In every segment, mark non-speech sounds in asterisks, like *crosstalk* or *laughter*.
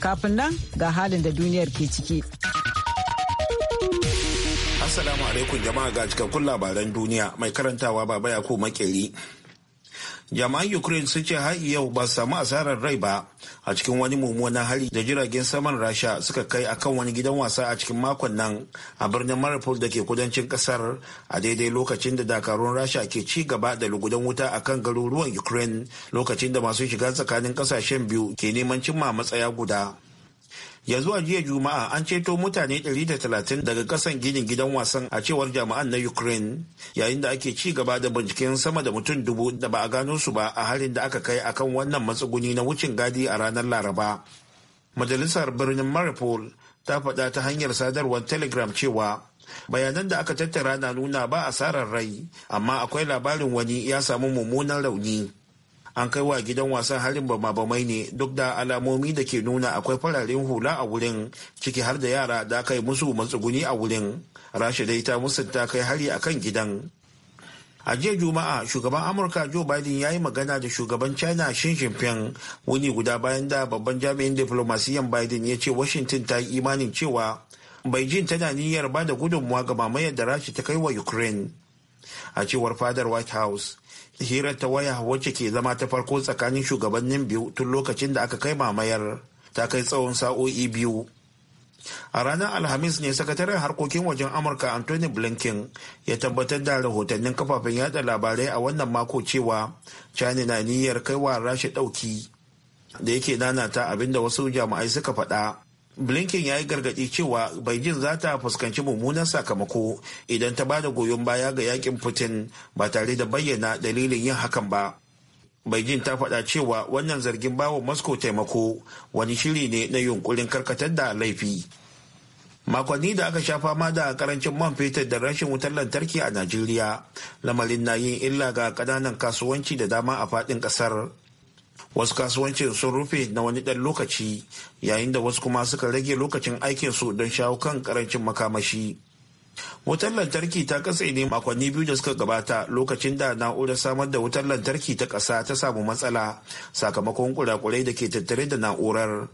Kafin nan ga halin da duniyar ke ciki. Assalamu alaikum jama'a ga cikakkun labaran duniya mai karantawa baba ya ko makeri. jama'an ukraine sun ce har yau ba su samu asarar rai ba a cikin wani mummunan hari da jiragen saman rasha suka kai akan wani gidan wasa a cikin makon nan a birnin maripol da ke kudancin kasar a daidai lokacin da dakarun rasha ke ci gaba da lugudan wuta akan garuruwan ukraine lokacin da masu shiga tsakanin kasashen biyu ke neman cimma matsaya guda ya zuwa jiya juma'a an ceto mutane 130 daga kasan ginin gidan wasan a cewar jami'an na ukraine yayin da ake ci gaba da binciken sama da mutum dubu da ba a gano su ba a harin da aka kai akan wannan matsuguni na wucin gadi a ranar laraba majalisar birnin maripol ta faɗa ta hanyar sadarwar telegram cewa bayanan da aka tattara na nuna ba asarar rai amma akwai labarin wani ya samu mummunan rauni an kai wa gidan wasan harin bama ne duk da alamomi da ke nuna akwai fararen hula a wurin ciki har da yara da aka yi musu matsuguni a wurin rasha dai ta musanta kai hari a kan gidan a jiya juma'a shugaban amurka joe biden ya yi magana da shugaban china xi jinping wuni guda bayan da babban jami'in diflomasiyan biden ya ce washington ta yi imanin cewa beijing tana niyyar ba da gudunmuwa ga mamayar da rashi ta kai wa ukraine a cewar fadar white house hirar ta waya wacce ke zama ta farko tsakanin shugabannin biyu tun lokacin da aka kai mamayar ta kai tsawon sa'o'i biyu a ranar alhamis ne sakataren harkokin wajen amurka anthony blinken ya tabbatar da rahotannin kafafen yada labarai a wannan mako cewa china na niyyar kaiwa rashi dauki da yake nanata abinda wasu jami'ai suka faɗa blinken ya yi gargaɗi cewa beijing za ta fuskanci mummunan sakamako idan ta bada goyon baya ga yakin putin ba tare da bayyana dalilin yin hakan ba beijing ta faɗa cewa wannan zargin bawa moscow taimako wani shiri ne na yunkurin karkatar da laifi makonni da aka sha fama da karancin man fetur da rashin wutar lantarki a najeriya lamarin na yin illa ga kananan kasuwanci da dama a faɗin ƙasar wasu kasuwancin sun rufe na wani ɗan lokaci yayin da wasu kuma suka rage lokacin aikinsu don shawo kan karancin makamashi wutar lantarki ta katse ne makonni biyu da suka gabata lokacin da na'urar samar da wutar lantarki ta ƙasa ta samu matsala sakamakon kurakurai da ke tattare da na'urar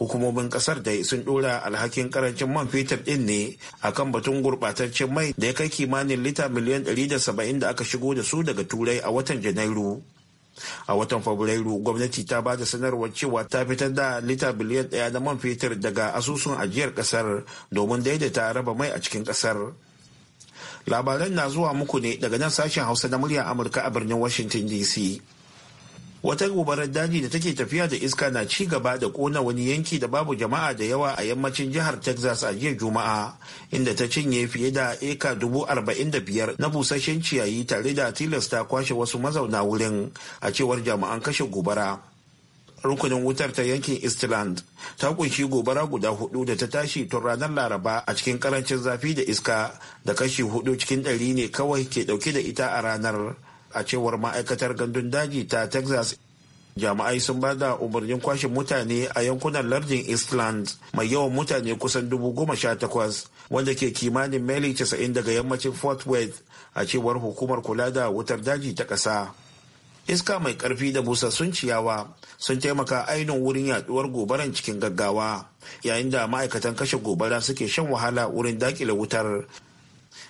hukumomin kasar da sun dora alhakin karancin man fetur din ne akan batun gurbataccen mai da ya kai kimanin lita miliyan 170 da aka shigo da su daga turai a watan janairu a watan fabrairu gwamnati ta ba da sanarwar cewa ta fitar da lita biliyan daya na man fetur daga asusun ajiyar kasar domin daidaita raba mai a cikin kasar labaran na zuwa muku ne daga nan sashen hausa na muryar amurka a birnin washington dc wata gobarar daji da take tafiya da iska na ci gaba da kona wani yanki da babu jama'a da yawa a yammacin jihar texas a jiya juma'a inda ta cinye fiye da eka dubu arba'in da biyar na busasshen ciyayi tare da tilasta kwashe wasu mazauna wurin a cewar jami'an kashe gobara rukunin wutar ta yankin eastland ta kunshi gobara guda hudu da ta tashi tun ranar laraba a cikin karancin zafi da iska da kashi hudu cikin ɗari ne kawai ke dauke da ita a ranar a cewar ma'aikatar gandun daji ta texas jami'ai sun ba da umarnin kwashe mutane a yankunan lardin eastland mai yawan mutane kusan dubu goma sha takwas wanda ke kimanin meli casa'in daga yammacin fort worth a cewar hukumar kula da wutar daji ta ƙasa iska mai ƙarfi da busassun ciyawa sun taimaka ainihin wurin yaduwar gobaran cikin gaggawa yayin da ma'aikatan kashe gobara suke shan wahala wurin dakile wutar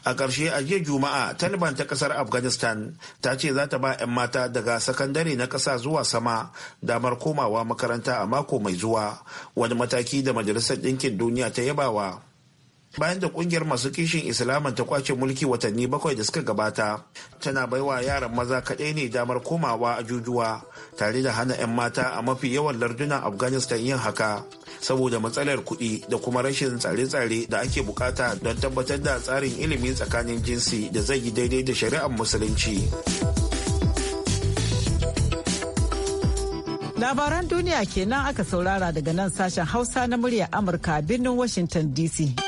a ƙarshe a jiya juma'a taliban ta ƙasar afghanistan ta ce za ta ba 'yan mata daga sakandare na ƙasa zuwa sama damar komawa makaranta a mako mai zuwa wani mataki da majalisar ɗinkin duniya ta yabawa bayan da kungiyar masu kishin islaman ta kwace mulki watanni bakwai da suka gabata tana baiwa yaran maza kaɗai ne damar komawa a jujuwa tare da hana 'yan mata a mafi yawan lardunan afghanistan yin haka saboda matsalar kuɗi da kuma rashin tsare-tsare da ake bukata don tabbatar da tsarin ilimi tsakanin jinsi da zai yi daidai da shari'ar musulunci labaran duniya kenan aka saurara daga nan sashen hausa na murya amurka birnin washington dc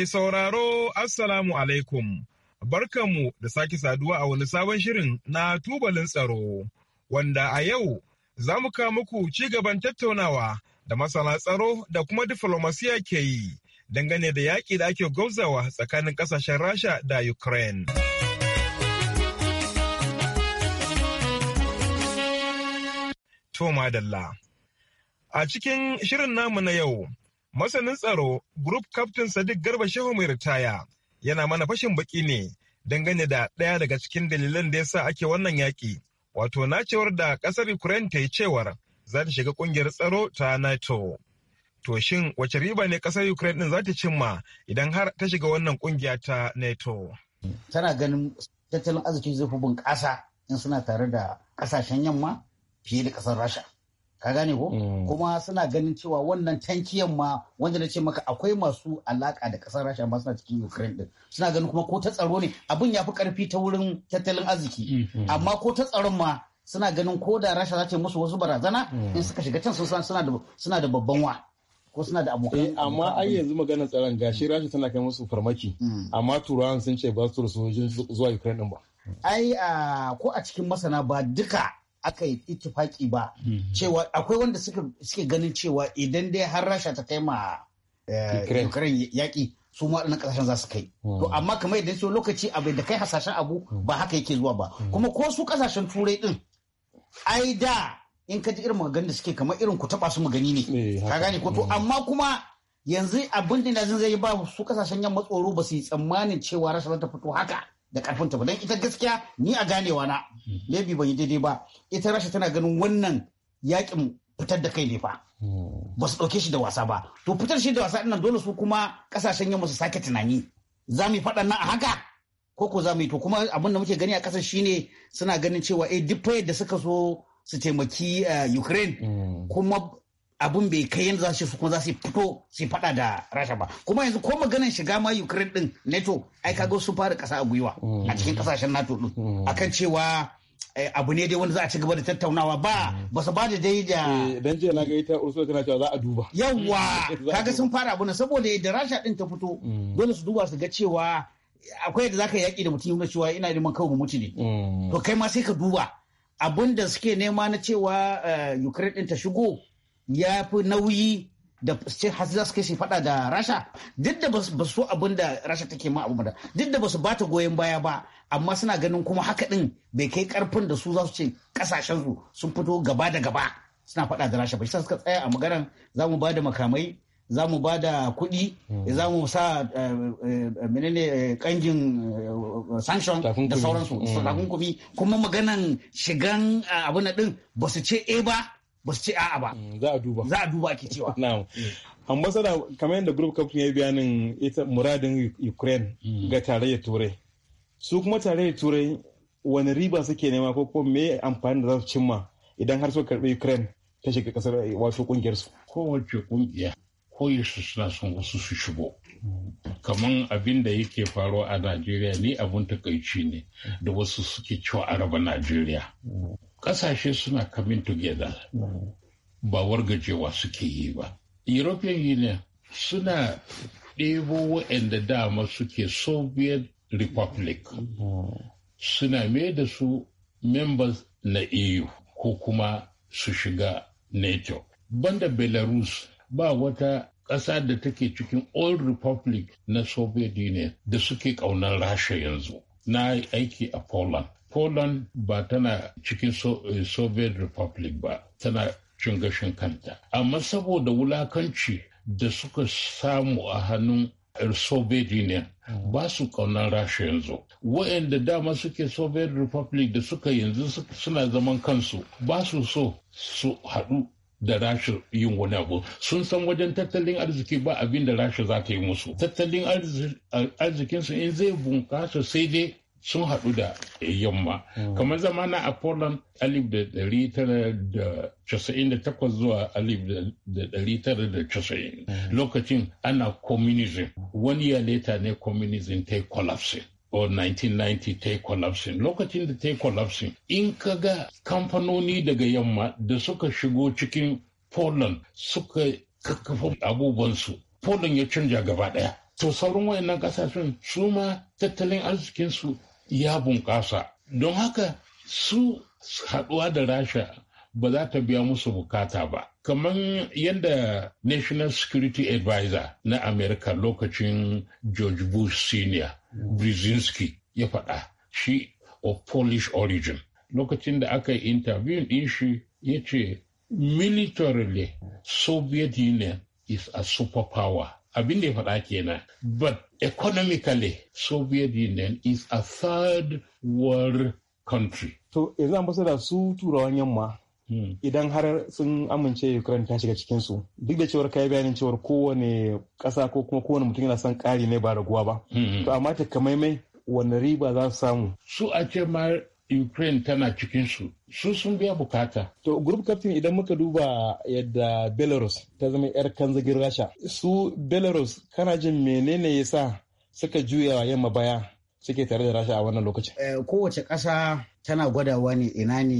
Mai sauraro Assalamu alaikum. Barkanmu da sake saduwa a wani sabon shirin na tubalin tsaro, wanda a yau za mu kawo muku ci gaban tattaunawa da masana tsaro da kuma diflomasiya ke yi dangane da yaƙi da ake gauzawa tsakanin ƙasashen Rasha da Ukraine. Toma Dalla A cikin shirin namu na yau, Masanin tsaro Group Captain Sadiq Garba Shehu mai ritaya yana mana fashin baki ne dangane da ɗaya daga cikin dalilan da yasa ake wannan yaƙi. Wato nacewar da ƙasar Ukraine ta yi cewar za ta shiga ƙungiyar tsaro ta NATO. To shin wace riba ne ƙasar Ukraine ɗin za ta cimma idan har ta shiga wannan ƙungiya ta NATO? Tana ganin tattalin arziki zai fi bunƙasa in suna tare da kasashen yamma fiye da ƙasar Rasha. ka gane ko mm. kuma suna ganin cewa wannan tankiyan ma wanda na ce maka akwai masu alaka da kasar rasha ma suna cikin ukraine din suna ganin kuma ko ta tsaro ne abin ya fi karfi ta wurin tattalin arziki mm-hmm. amma ko ta tsaron ma suna ganin ko da rasha za ta musu wasu barazana mm. in suka shiga can suna da babban wa ko suna da abokan eh, amma ai yanzu maganar tsaron gashi rasha tana kai musu farmaki mm. amma turawan sun ce ba su da sojojin zuwa ukraine din ba ai ko a cikin masana ba duka aka yi itifaki ba mm-hmm. cewa akwai wanda suke ganin cewa idan dai har rasha ta kai ma eh, ukraine yaƙi su ma waɗannan ƙasashen za su kai mm. to amma kamar idan su lokaci abu da kai hasashen abu mm. ba haka yake zuwa ba mm. kuma ko su ƙasashen turai din ai da in ka ji irin maganganun da suke kamar irin ku taɓa su magani ne eh, ka gane ko to amma kuma yanzu abin da zai ba su kasashen yamma tsoro ba su yi tsammanin cewa rasha za ta fito haka da karfinta ba don ita gaskiya ni a ganewa na mm. maybe ban yi daidai ba ita rasha tana ganin wannan yakin fitar da kai ne fa mm. ba su ɗauke shi da wasa ba to fitar shi da wasa ɗin dole su kuma kasashen yamma su sake tunani za mu yi faɗan nan a haka ko ko za mu yi to kuma abin da muke gani a ƙasar shine suna ganin cewa eh duk da suka so su taimaki eh, Ukraine mm. kuma abun bai kai yadda za su kuma za su fito su fada da rasha ba kuma yanzu ko maganin shiga ma ukraine din nato ai kaga sun fara kasa a gwiwa a cikin kasashen nato din akan cewa eh, abu ne dai wanda za a ci gaba da tattaunawa ba ba su ba da dai da eh, dan jiya na ga ita ursula tana cewa za a duba yawa *laughs* kaga sun fara abu na saboda da rasha din ta fito mm. dole su duba su ga cewa akwai yadda zaka yaki da mutum cewa ina neman kawai mu mutu ne mm. to kai ma sai ka duba abun da suke nema na cewa eh, ukraine din ta shigo ya fi nauyi da hasi za su kai su da rasha duk da ba su abin da rasha take ma abu da duk da ba su ba goyon baya ba amma suna ganin kuma haka din bai kai karfin da su za su ce kasashen su sun fito gaba da gaba suna faɗa da rasha ba shi suka tsaya a magaran za mu ba makamai za mu ba da kuɗi hmm. za mu sa eh, eh, menene kanjin eh, sanction da sauransu hmm. takunkumi kuma maganan shigan abin din ba su ce e ba ba su ce a'a ba mm, za a duba za a duba ke cewa *laughs* na'am ambasada kamar yadda group kafin ya bayanin ita muradin Ukraine mm. ga tarayyar Turai su kuma tarayyar Turai wani riba suke nema ko ko me amfani da za su cimma idan har suka karbi Ukraine ta shiga kasar eh, wasu kungiyar su kowace kungiya koyaushe suna son wasu su shigo kaman abin da yake faruwa a Najeriya ni abun takaici ne da wasu suke cewa araba Najeriya ƙasashe suna coming together ba wargajewa suke yi ba european union suna ɗebo waɗanda dama suke soviet republic suna mai da su members na eu ko kuma su shiga nato banda belarus ba wata ƙasa da take cikin old republic na soviet union da suke ƙaunar rasha yanzu na aiki a poland Poland ba tana cikin eh, Soviet Republic ba, tana cin gashin kanta. Amma saboda wulakanci da suka samu a hannun Soviet Union ba su kaunar Rasha yanzu. Waɗanda dama suke Soviet Republic da suka yanzu suna zaman kansu ba su so su haɗu da rasha yin wani abu sun san wajen tattalin arziki ba abin da rasha za ta yi musu tattalin arzikinsu in zai bunkasa sai dai sun haɗu da yamma hmm. kamar zamana a poland alif da ɗari tara da casa'in da takwas zuwa alif da ɗari tara da casa'in hmm. lokacin ana communism wani ya leta ne communism ta collapsing or 1990 ta collapsing lokacin da ta collapsing in ka ga kamfanoni daga yamma da suka shigo cikin poland suka kakkafa abubuwansu poland ya canja gaba ɗaya to sauran wayannan kasashen su ma tattalin arzikinsu ya bunƙasa don haka su haɗuwa da rasha ba za ta biya musu bukata ba kamar yadda national security advisor na Amerika lokacin george bush senior brzezinski ya faɗa shi of polish origin lokacin da aka yi interview ɗin shi ya ce militarily soviet union is a superpower abin da ya faɗa kenan but Economically, Soviet Union is a third world country. To, yanzu da su turawan yamma hmm. idan har sun amince Ukraine ta shiga cikin su duk da cewar kai bayanin cewar kowane ƙasa ko kuma kowane mutum yana son kari ne ba raguwa ba. Hmm. To, amma takamaimai wani riba za su samu? Su a ce Ukraine tana cikinsu su sun biya bukata. To group captain idan muka duba yadda Belarus ta zama 'yar kanzagin Rasha. Su Belarus kana jin menene ya sa suka juya yamma baya suke tare da Rasha a wannan lokacin? Eh, kowace ƙasa tana gwadawa ne ina ne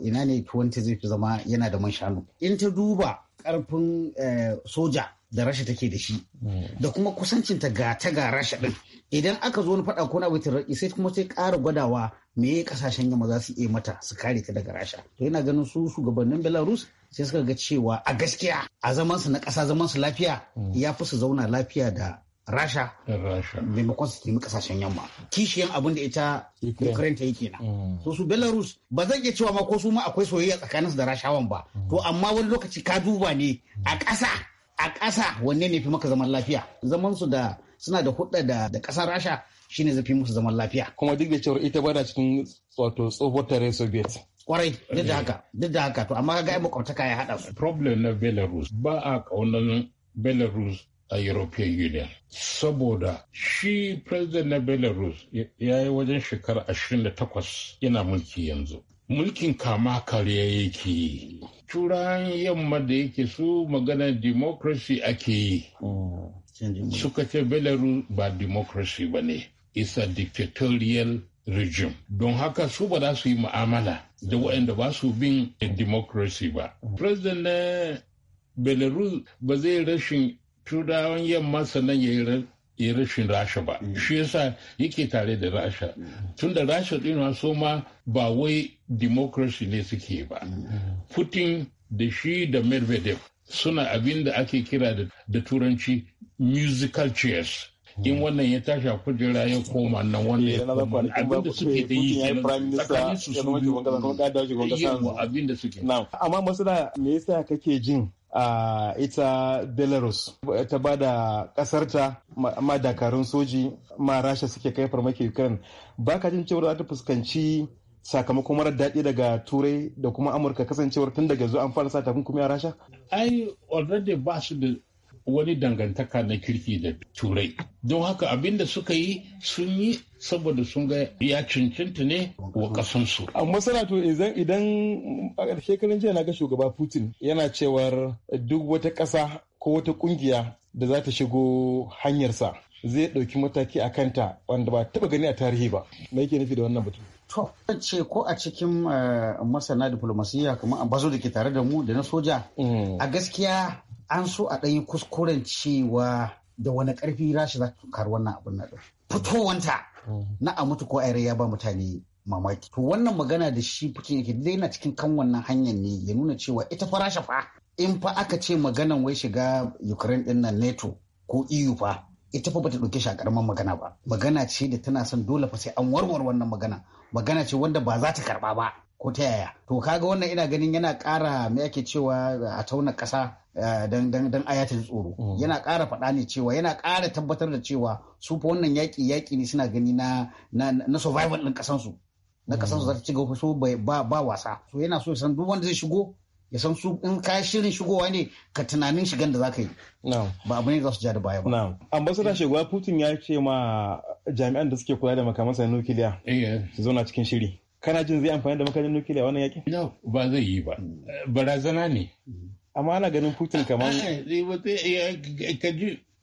ina ne zai fi zama yana da man shanu. In ta duba ƙarfin eh, soja da rasha take da shi mm. da kuma kusancinta ga ta ga rasha din idan aka zo wani faɗa ko na wutar sai kuma sai ƙara gwadawa me kasashen yamma za su iya mata su kare ta daga rasha to yana ganin su shugabannin belarus sai suka ga cewa a gaskiya a zaman su na ƙasa zaman su lafiya mm. ya fi su zauna lafiya da rasha maimakon su taimi kasashen yamma kishiyan abin da ita ukraine ta yi kenan mm. so su belarus ba zan iya cewa ma ko su ma akwai soyayya tsakaninsu da rashawan ba to amma wani lokaci ka duba ne a ƙasa a ƙasa wanne ne fi maka zaman lafiya zaman su da suna da hudda da da ƙasar rasha shine zafi zafi musu zaman lafiya kuma duk da cewa ita bada cikin wato tsohuwar tare soviet kwarai duk da haka duk da haka to amma ga makwabtaka ya haɗa su problem na belarus ba a ƙaunar belarus a European Union. Saboda shi president na Belarus ya yi wajen shekara 28 yana mulki yanzu. mulkin kama karya yake yi turan yamma da yake su magana democracy ake yi oh, suka ce belarus ba democracy ba ne it's a dictatorial regime don haka su ba za su yi mu'amala da waɗanda ba su bin democracy ba oh. president na belarus ba zai rashin turawan yamma sannan ya yi yi rashin rasha ba mm. shi yasa yake tare da rasha mm. tun da rasha ɗin so ma ba wai democracy ne suke ba mm. putin da shi da medvedev suna abin da ake kira da turanci musical chairs in wannan ya tashi a kujera ya koma nan wannan abin da suke da yi tsakanin su su abin da suke amma masu da me yasa kake jin a ah, ita belarus ta ba da kasarta ma dakarun soji ma rasha suke kai farmaki ukraine ba ka jin cewa za ta fuskanci sakamakon marar daɗi daga turai da kuma amurka kasancewar tun daga zuwa an fara sa takunkumi a rasha ai already ba su da wani dangantaka na kirki da turai don haka abin suka yi sun yi saboda sun ga ya cancanta ne wa kasansu. amma sana to idan a ƙarshe karin jiya na ga shugaba putin yana cewar duk wata ƙasa ko wata ƙungiya da za ta shigo hanyarsa zai ɗauki mataki a kanta wanda ba taɓa gani a tarihi ba me yake nufi da wannan batu to ce ko a cikin eh, masana diplomasiya kamar bazo da ke tare da mu da na soja mm. a gaskiya an so a ɗanyi kuskuren cewa da wani ƙarfi rashi za ta karu wannan abin na fitowanta na a mutu ko aire ya ba mutane mamaki to wannan magana da shi fikin yake dai na cikin kan wannan hanyar ne ya nuna cewa ita fa rasha fa in fa aka ce maganan wai shiga ukraine ɗin nan nato ko eu fa ita fa bata ɗauke shi a magana ba magana ce da tana son dole fa sai an warware wannan magana magana ce wanda ba za ta karɓa ba ko ta yaya to kaga wannan ina ganin yana kara me ake cewa a tauna ƙasa eh, don ayatin tsoro mm. yana kara faɗa ne cewa yana kara tabbatar da cewa su fa wannan yaƙi yaƙi ne suna gani na na survival ɗin ƙasansu na ƙasansu za ta ci gaba so ba wasa so yana so san duk wanda zai shigo ya san su in ka shirin shigowa ne ka tunanin shigan da za ka yi ba abu ne za su ja da baya ba. ambasada shugaba putin ya ce ma jami'an da suke kula da makamansa nukiliya eh, eh. su zauna cikin shiri kana jin zai amfani da makarin nukiliya wannan yakin? No, ba zai yi ba. Barazana ne. Amma ana ganin Putin kamar.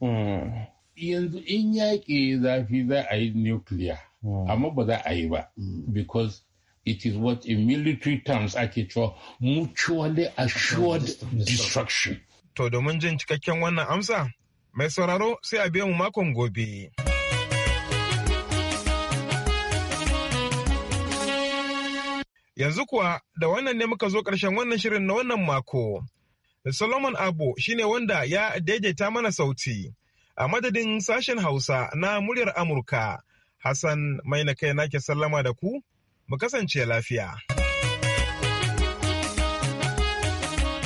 Hmm. Yanzu in yaƙi zafi za a yi nukiliya, hmm. amma ba za a yi ba. Hmm. Because it is what in military terms ake cewa mutually assured destruction. To domin jin cikakken wannan amsa, mai sauraro sai a biya mu makon gobe. Yanzu kuwa da wannan ne muka zo ƙarshen wannan shirin na wannan mako. Solomon Abo shine wanda ya daidaita mana sauti. A madadin sashen Hausa na muryar Amurka, Hassan mai na kai nake sallama da ku, mu kasance lafiya.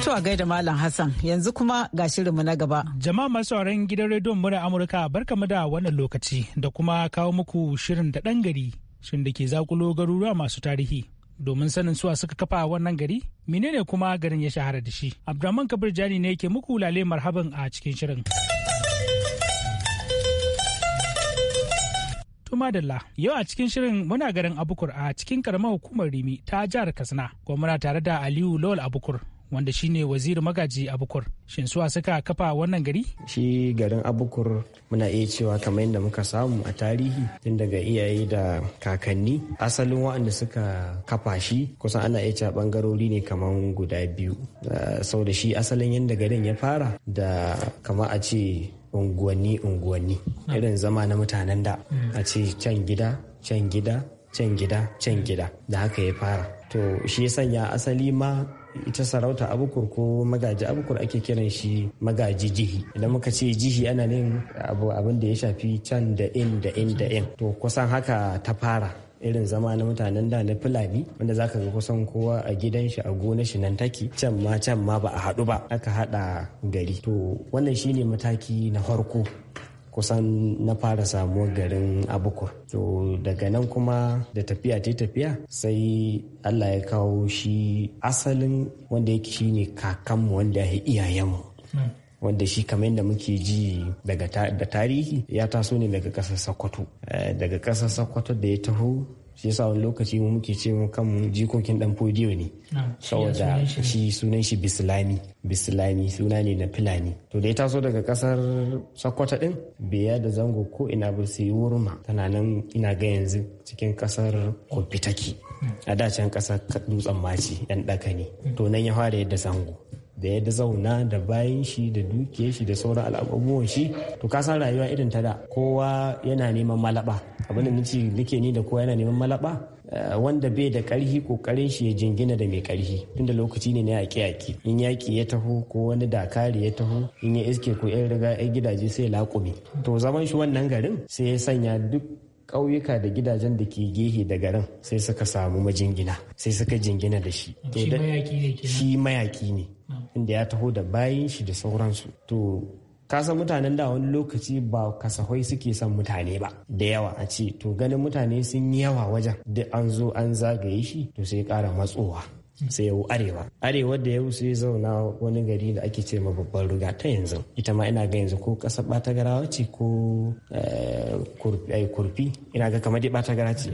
To a gaida Malam Hassan yanzu kuma ga shirinmu na gaba. Jama'a masu sauran gidan rediyon mura Amurka mu da wannan lokaci da kuma kawo muku shirin da ɗan gari shirin da ke zakulo garuruwa masu tarihi. domin sanin suwa suka kafa wannan gari menene kuma garin ya shahara da shi abdulrahman kabir jani ne ke muku lale marhaban a cikin shirin madalla yau a cikin shirin muna garin abukur a cikin karamar hukumar rimi ta jihar katsina Gwamna tare da aliyu lawal abukur wanda shine waziri magaji abukur shin suwa suka kafa wannan gari shi garin abukur muna iya cewa kamar yadda muka samu a tarihi tun daga iyaye da kakanni asalin waɗanda suka kafa shi kusan ana iya cewa bangarori ne kamar guda biyu eh, sau da shi asalin yadda garin ya fara da kama a ce unguwanni unguwanni ah. irin zama na mutanen da hmm. a ce can gida can gida can gida can gida da haka ya fara to shi ya sanya asali ma ita sarauta abukur ko magaji abukur ake kiran shi magaji jihi idan muka ce jihi ana nin abu abin da ya shafi can da in da in da in to kusan haka ta fara irin zama na mutanen da na fulani wanda zaka ga kusan kowa a gidan shi a gona shi nan take can ma can ma ba a haɗu ba aka haɗa gari to wannan shine mataki na farko kusan na fara samuwar garin abukur to daga nan kuma da tafiya ta tafiya sai allah ya kawo shi asalin wanda yake shi ne kakanmu wanda ya iyayenmu hmm. wanda shi kamar yadda muke ji daga tarihi ya taso ne daga ƙasar sokoto eh, daga ƙasar sokoto da ya taho shi yasa wani lokaci mu muke ce mu kan jikokin dan fodiyo ne saboda shi sunan shi bislami bislami suna ne na fulani to da ya taso daga kasar sokoto din biya da zango ko ina ba sai wurma tana nan ina ga yanzu cikin kasar kofitaki. a dacen kasar dutsen maci yan daka ne to nan ya fara yadda zango da ya da zauna da bayan shi da dukiyar shi da sauran al'abubuwan shi to ka san rayuwa irin ta da kowa yana neman malaba abin da nace nake ni da kowa yana neman malaba eh, wanda bai da karhi kokarin shi ya jingina da mai karhi tunda lokaci ne na yaƙi yaƙi in yaƙi ya taho ko wani dakari ya taho in ya iske ko yan riga yan gidaje sai laƙumi to zaman shi wannan garin sai ya sanya duk ƙauyuka da gidajen da ke gehe da garin sai suka samu majingina sai suka jingina da shi shi mayaki ne da ya taho da bayan shi da sauransu to kasan mutanen da wani lokaci ba kasahoi suke son mutane ba da yawa a ce to ganin mutane sun yi yawa wajen duk an zo an zagaye shi to sai kara matsowa sai ya arewa arewa da yau sai zauna wani gari da ake ce ma babban ruga ta yanzu ita ma ina ga yanzu ko bata garawa ce ko eh, eh, kurfi ina ga kamar dai gara ce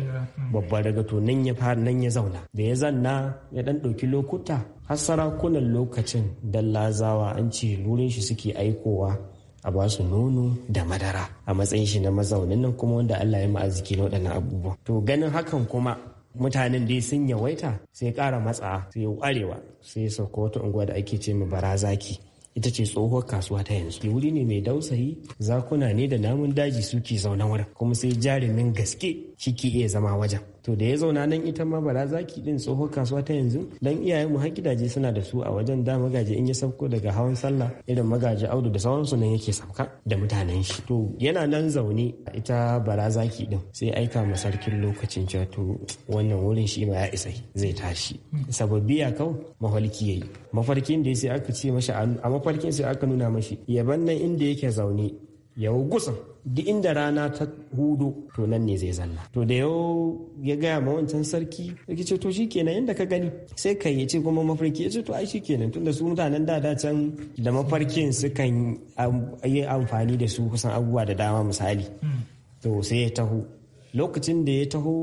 babban ruga to nan ya fara nan ya zauna da ya zanna ya ɗan ɗauki lokuta har sarakunan lokacin dallazawa an ce lurin shi suke aikowa a ba su nono da madara a matsayin shi na mazaunin nan kuma wanda Allah ya ma'aziki na waɗannan abubuwa. To ganin hakan kuma mutanen dai sun yawaita sai ƙara matsa sai ƙwarewa. sai sauko wata unguwa da ake ce barazaki ita ce tsohuwar kasuwa ta yanzu wuri ne mai dausayi zakuna ne da namun daji suke zaune wurin kuma sai jarumin gaske Ciki iya zama wajen to da ya zauna nan ita ma za zaki din tsohon kasuwa ta yanzu dan iyayenmu har gidaje suna da su a wajen da magaji in ya sauko daga hawan sallah irin magaji audu da sauransu nan yake sauka da mutanen shi to yana nan zaune a ita bara zaki din sai aika ma sarkin lokacin cewa to wannan wurin shi ma ya isa zai tashi sababbi ya kau mafarki yayi mafarkin da sai aka ce mashi a mafarkin sai aka nuna mashi yaban nan inda yake zaune ya gusa duk inda rana ta hudu to nan ne zai zanna to da yau ya gaya ma wancan sarki sarki ce to shikenan yanda ka gani sai kai ya ce kuma mafarki ya ce to ai shikenan tunda su mutanen da da can da mafarkin sukan yi amfani da su kusan abubuwa da dama misali to sai ya taho lokacin da ya taho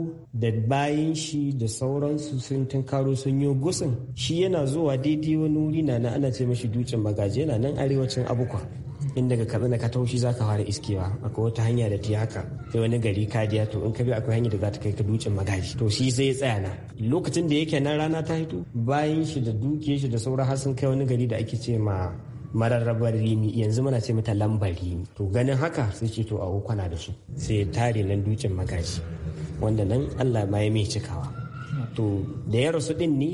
da bayan shi da sauransu sun tunkaro sun yi gusin shi yana zuwa daidai wani wuri na ana ce mashi dutsen magaji yana nan arewacin abuka in daga katsina ka taushi zaka fara iskewa akwai wata hanya da ta haka sai wani gari kadiya to in ka bi akwai hanya da za ta kai ka dukin magaji to shi sai ya tsaya na lokacin da yake nan rana ta hito bayan shi da duke shi da sauran har sun kai wani gari da ake ce ma mararrabar rimi yanzu muna ce mata lambar rimi to ganin haka sai ce to a kwana da su sai tare nan dutsen magaji wanda nan allah ma ya mai cikawa to da ya rasu din ne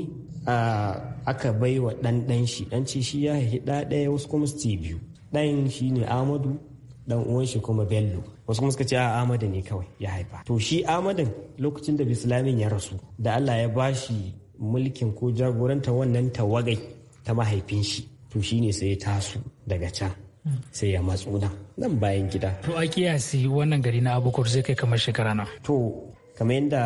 aka bai wa ɗan ɗanci shi ɗan ci shi ya haihi ɗaya wasu kuma su biyu Ɗan shi ne amadu ɗan uwan shi kuma bello wasu kuma suka ce a amadu ne kawai ya haifa to shi Amadu lokacin da bislamin ya rasu da allah ya ba shi mulkin ko jagoranta wannan tawagai ta mahaifin shi to ne sai ya taso daga can sai ya matsu nan bayan gida to a kiyasi wannan gari na abokor zai kai kamar shekara na to kamar yadda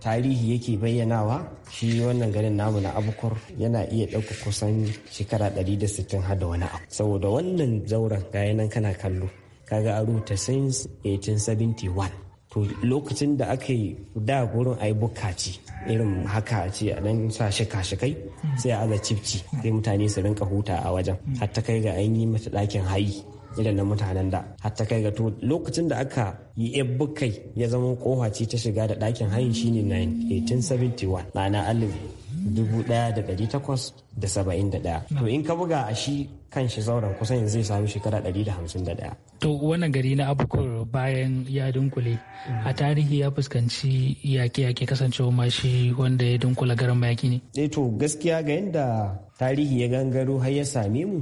tarihi yake bayyanawa shi wannan garin namu na abukur yana iya ɗauka kusan shekara 160 hada wani abu saboda wannan zauren gaya nan kana kallo kaga a rubuta since 1871 to lokacin da aka yi da gurin a yi bukaci irin haka a ce a nan sa shika-shikai sai a aza cifci sai mutane su rinka huta a wajen har ta kai ga an yi mata ɗakin hayi irin na mutanen da hatta kai ga to lokacin da aka yi ebbukai ya zama kofa ce ta shiga da ɗakin hayin shine 1871 na alif 1871 to in ka buga a shi kan shi zauren kusan yanzu zai samu shekara 151. To wannan gari na abubakar bayan ya dunkule a tarihi ya fuskanci yaƙe-yaƙe kasancewa ma shi wanda ya dunkula garin mayaki ne. Eh to gaskiya ga yadda tarihi ya gangaro har ya same mu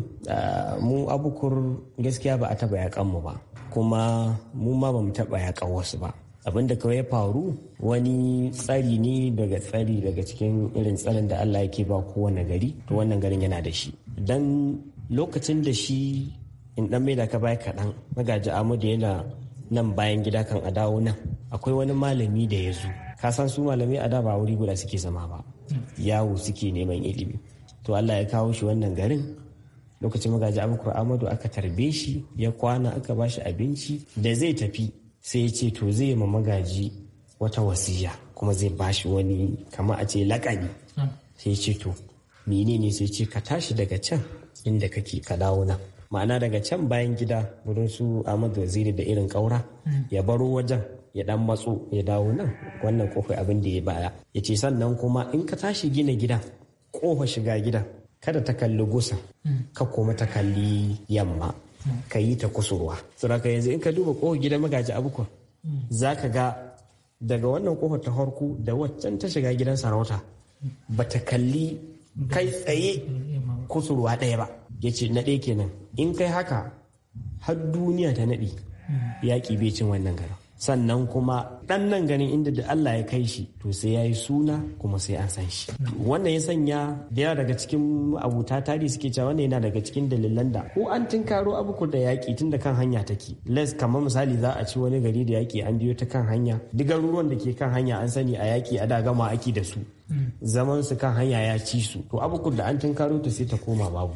mu abubakar gaskiya ba a taɓa yaƙan mu ba kuma mu ma ba mu taɓa yaƙan wasu ba. abin da kawai ya faru wani tsari ne daga tsari daga cikin irin tsarin da Allah yake ba kowane gari to wannan garin yana da shi dan lokacin da shi in dan mai da ka bai kaɗan magaji amadu yana nan bayan gida kan a dawo nan akwai wani malami da ya zo ka san su malami a da ba wuri guda suke zama ba yawo suke neman ilimi to allah ya kawo shi wannan garin lokacin magaji amadu amadu aka tarbe shi ya kwana aka ba shi abinci da zai tafi sai ya ce to zai yi ma magaji wata wasiya kuma zai ba shi wani kama a ce lakabi hmm. sai ya ce to menene sai ce ka tashi daga can inda kake ka dawo nan ma'ana daga can bayan gida wurin su Ahmad Waziri da irin kaura mm. ya baro wajen ya dan matso ya dawo nan wannan kofar abin da ya baya ya ce sannan kuma in ka tashi gina gida kofa shiga gida kada ta kalli gusa mm. ka koma ta kalli yamma mm. ka yi ta kusurwa saboda yanzu in ka duba kofar gidan magaji abubuwa za ka ga daga wannan kofar ta harku da waccan ta shiga gidan sarauta bata kalli kai tsaye kusurwa ɗaya ba ya ce na kenan in kai haka har duniya ta naɗi yaƙi bai cin wannan garin sannan kuma ɗan nan ganin inda da Allah ya kai shi to sai ya yi suna kuma sai an san shi wannan ya sanya da yana daga cikin abuta tari suke cewa wannan yana daga cikin dalilan da ko an tinkaro abuku da yaƙi tun da kan hanya take les kamar misali za a ci wani gari da yaƙi an biyo ta kan hanya duk garuruwan da ke kan hanya an sani a yaƙi a da gama ake da su zaman su kan hanya ya ci su to abukun da an tunkaro ta sai ta koma babu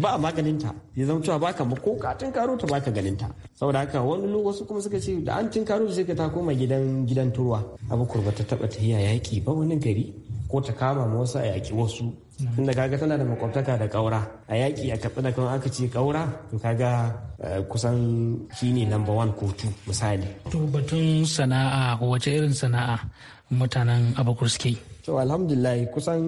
ba maganin ta ya zama cewa baka ma ko ka tunkaro ta baka ganin ta saboda haka wani wasu kuma suka ce da an tunkaro ta sai ka ta koma gidan gidan turwa abukur ba ta taba ta yi yaki ba wani gari ko ta kama ma wasu a yaki wasu mm. tunda kaga tana da makwabtaka da kaura a yaki a da kuma aka ce kaura to kaga eh, kusan shine number one ko two misali to batun sana'a wace irin sana'a mutanen abakur suke so alhamdulillah kusan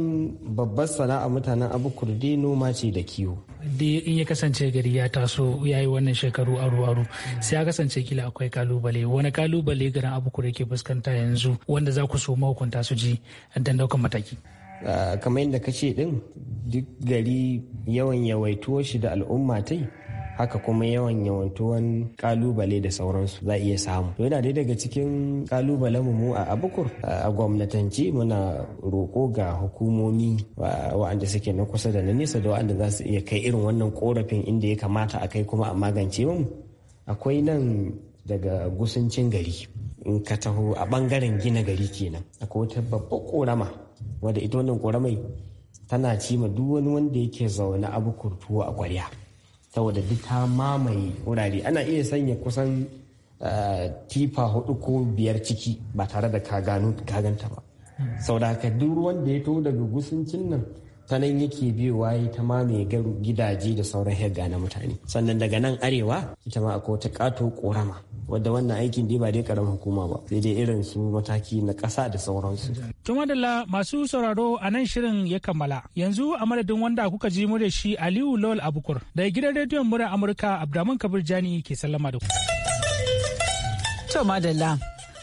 babbar sana'a mutanen abu kurdi noma ce da kiwo in ya kasance gari ya taso ya yi wannan shekaru aru-aru sai ya kasance kila akwai kalubale wani kalubale garin abu kurdi ke fuskanta yanzu wanda za ku so mahukunta su ji dan daukan mataki ah, kamar yadda ka ce din duk gari yawan yawaituwar shi da al'umma ta yi. haka kuma yawan yawantuwan kalubale da sauransu za a iya samu to yana dai daga cikin kalubalen mu a abukur a gwamnatanci muna roko ga hukumomi wa'anda suke na kusa da na nesa da wa'anda za su iya kai irin wannan korafin inda ya kamata a kai kuma a magance mu akwai nan daga gusuncin gari in ka taho a bangaren gina gari kenan akwai wata babbar korama wadda ita wannan koramai tana ci ma duk wani wanda yake zaune abu kurtuwa a kwarya saboda duk ta mamaye wurare ana iya sanya kusan tifa eh, hudu ko biyar ciki ba tare da ka gano ka ganta ba hmm. sau haka duk ruwan da ya to daga gusuncin nan ta nan yake biyowa ya ta garu gidaje da sauran hegga na mutane sannan daga nan arewa ita ma akwai wata kato korama wadda wannan aikin dai ba dai karamin hukuma ba sai dai irin su mataki na ƙasa da sauransu. To madalla masu sauraro a nan shirin ya kammala yanzu a madadin wanda kuka ji mu da shi Aliyu Lol Abukur da gidan rediyon mura Amurka Abdurrahman Kabir Jani ke sallama da ku. To madalla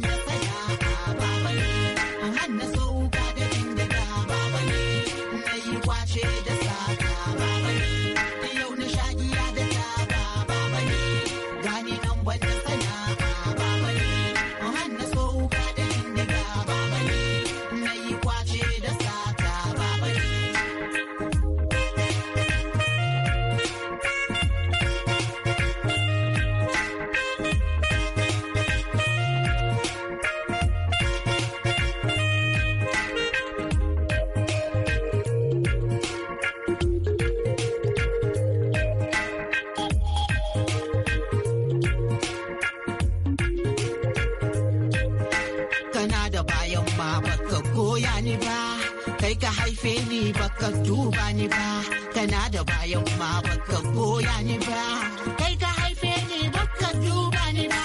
mañana. yau ma baka goya ni ba kai ka haife ni baka duba ni ba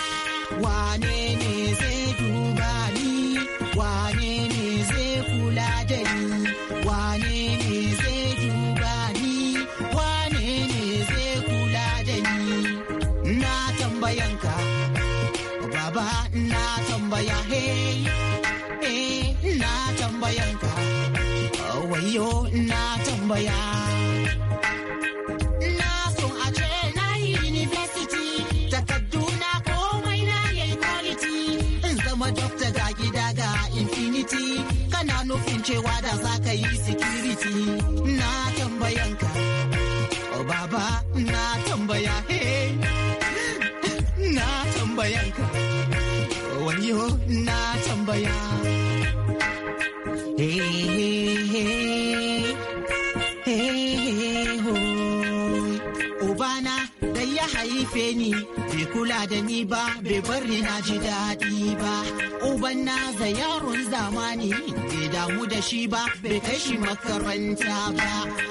wane ne zai duba ni wane ne zai kula da ni wane ne zai duba ni wane ne zai kula da ni na tambayanka baba na tambaya hey eh na tambayanka wayo na tambaya da ni ba bai bari na ji daɗi ba uban na za yaron zamani bai damu da shi ba bai kai shi makaranta ba